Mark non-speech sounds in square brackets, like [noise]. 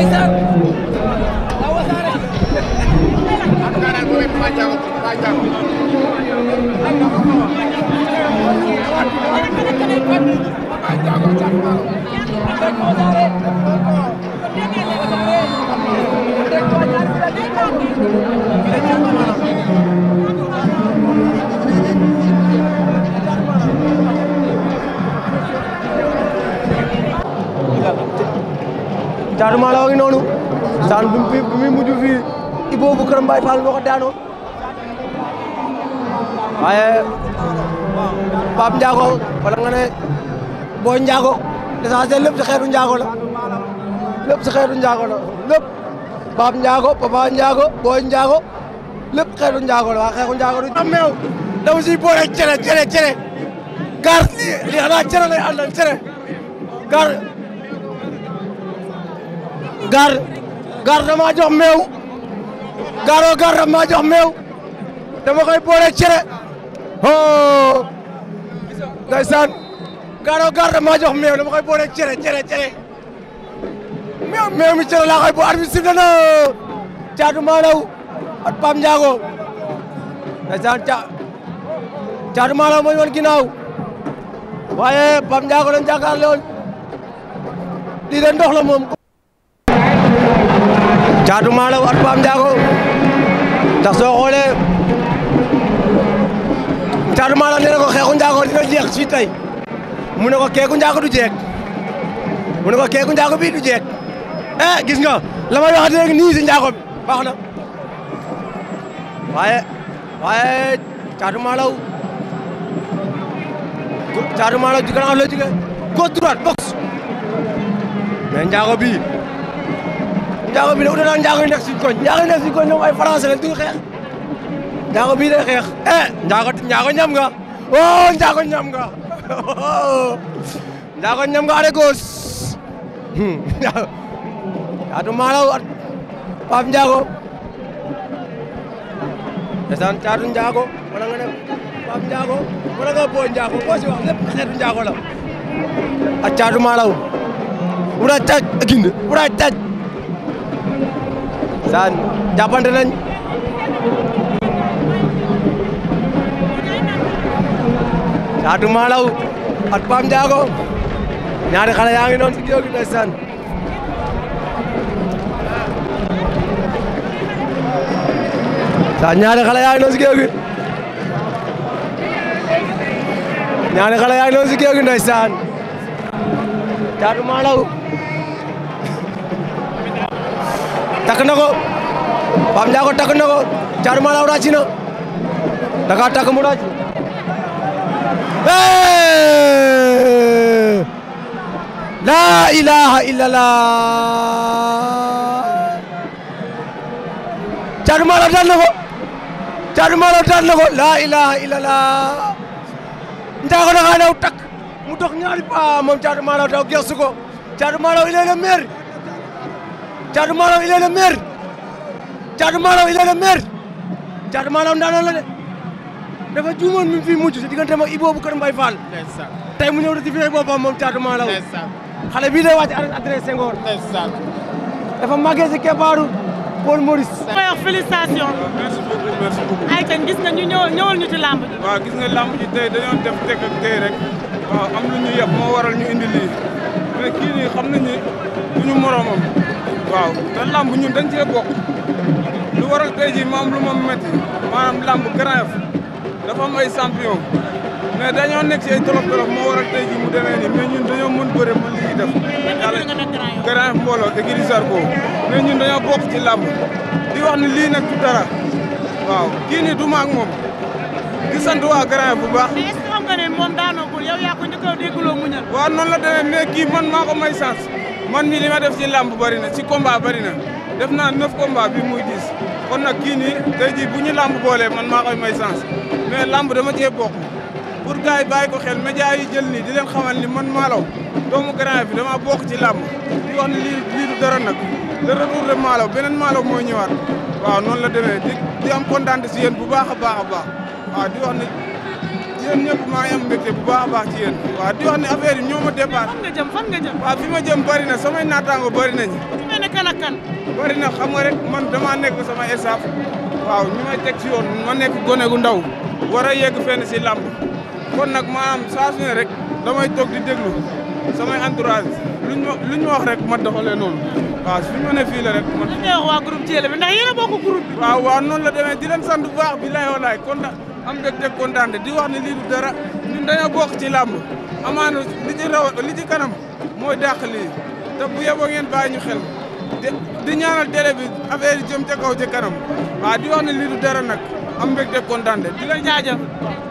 ndeysaan la wasaare en tout cas daal moom it maa jaaxal maa jaaxal Thiatou Malaw ngi noonu saan bi mu bi mu mujj fii Ibou bu Kër Mbaye Fall moo ko daanoo waaye Pape Ndiago wala nga ne Boy Ndiago l'essentiel lépp xeetu Ndiago la lépp ci xeetu Ndiago la lépp Pape Ndiago Papa Ndiago Boy Ndiago lépp xeetu Ndiago la waa xeexu Ndiago du. am meew dama cere cere cere gaar li xanaa cere lay àndal cere gaar. gar gar dama jox meew garo gar dama jox meew dama koy boole cere oh ndeysaan garo gar dama jox meew dama koy boole cere cere cere meew meew mi cere laa koy bo arbitre sifflé na caatu maalaw at Pape Ndiago ndeysaan ca caatu maalaw mooy woon ginnaaw waaye Pape Ndiago lañ jàkkaarloo lii de ndox la moom Caatu Malaw at Pape Ndiago ndax soo xoolee Caatu Malaw nee na ko xeexu Ndiago dina jeex ci tey mu ne ko keeku Ndiago du jeeg mu ne ko bii du jeeg eh gis nga la may wax léegi nii si Ndiago bi baax na waaye waaye Caatu Malaw Caatu Malaw ci kanam la jóge gauche droite box mais Ndiago bii. njaago bi de uta naag njaago yi nekk suñ njaago yi nekk suñ koñ ñoom ay français lañ duñ njaago njaago njaago eh, njaago njaago ñam oh, goos [laughs] caatu hmm. [laughs] maalaw at njaago njaago wala nga ne njaago la ak caatu maalaw wura taj a ginde wura saan jàppante nañ Caatu Malaw at Pape Ndiago ñaari xale yaa ngi noonu si géew saan ñaari xale yaa ngi noonu si géew xale yaa ngi noonu si géew gi ndeysaan Caatu Malaw takk na ko Pape Ndiago takk na ko Thiatou Malaw ràcc na da takk mu ràcc laa ilaaha illallah Thiatou Malaw daan na ko Thiatou Malaw daan na laa ilaaha illallah daw takk mu dox ñaari paa moom Thiatou Malaw daw gestu ko Thiatou Malaw il est le Thiatou Malaw il est le maire Thiatou Malaw il est le maire de dafa juumoon mi fi mujj si diggante ak Ibou bu Kër Mbaye Fall. tey mu ñëw di fi boppam moom Thiatou Malaw. xale bii day wàcc adresse Senghor. dafa màggee si keppaaru Paul Maurice. may wax gis nga ñu ñëw ñëwal ñu ci làmb gis nga làmb ji tey dañoo def tekk ak tey rek. waaw am lu ñu yeb moo waral ñu indi lii mais waaw te lamb ñun dañ cee bokk lu waral tey jii maam lu ma métti maanaam lamb Grand Yoff mooy am ay champion mais dañoo nekk ci ay tolof tolof moo waral tey jii mu demee nii mais ñun dañoo mën bëre mën bokk ci lamb di wax ni lii du dara waaw kii nii du ma ak di sant waa Grand Yoff bu baax waaw noonu la demee mais kii man maa ko may man mi li ma def ci làmb bari na ci combat bari na def naa neuf combat bi muy dix kon na kii nii tey jii bu ñu làmb boolee man maa koy may sens mais làmb dama cee bokk pour gars yi bàyyi ko xel média yi jël nii di leen xamal ni man maalaw doomu grand bi dama bokk ci làmb di wax ne lii lii du dara nag le retour de maalaw beneen maalaw mooy ñëwaat waaw noonu la demee di di am kontaan si yéen bu baax a baax a baax waaw di wax ne yéen ñëpp maa ngi am mbégte bu a baax ma départ fan nga jëm fan nga jëm waaw fi ma jëm bëri na samay naataango bëri nañ su mel ne kan ak kan bëri na xam nga rek man dama nekk sama estaf waaw ñu may teg ci ma nekk gone gu ndaw war a yegg fenn si làmb kon nag maanaam saa su ne rek damay toog di déglu samay entourage luñ ma luñ ma wax rek ma doxalee noonu suñu ma ne fii la rek man. li ngay wax waa groupe a bokk la demee di leen sant bu baax bi walaay kon am mbégte kontaan di wax ne lii du dara ñun dañoo bokk ci làmb amaana li ci raw li ci kanam mooy dàq lii te bu yeboo ngeen bàyyi ñu xel di ñaanal télé bi affaire yi jëm ca kaw ca kanam waaw di wax ne lii du dara nag am mbégte kontaan di la jaajëf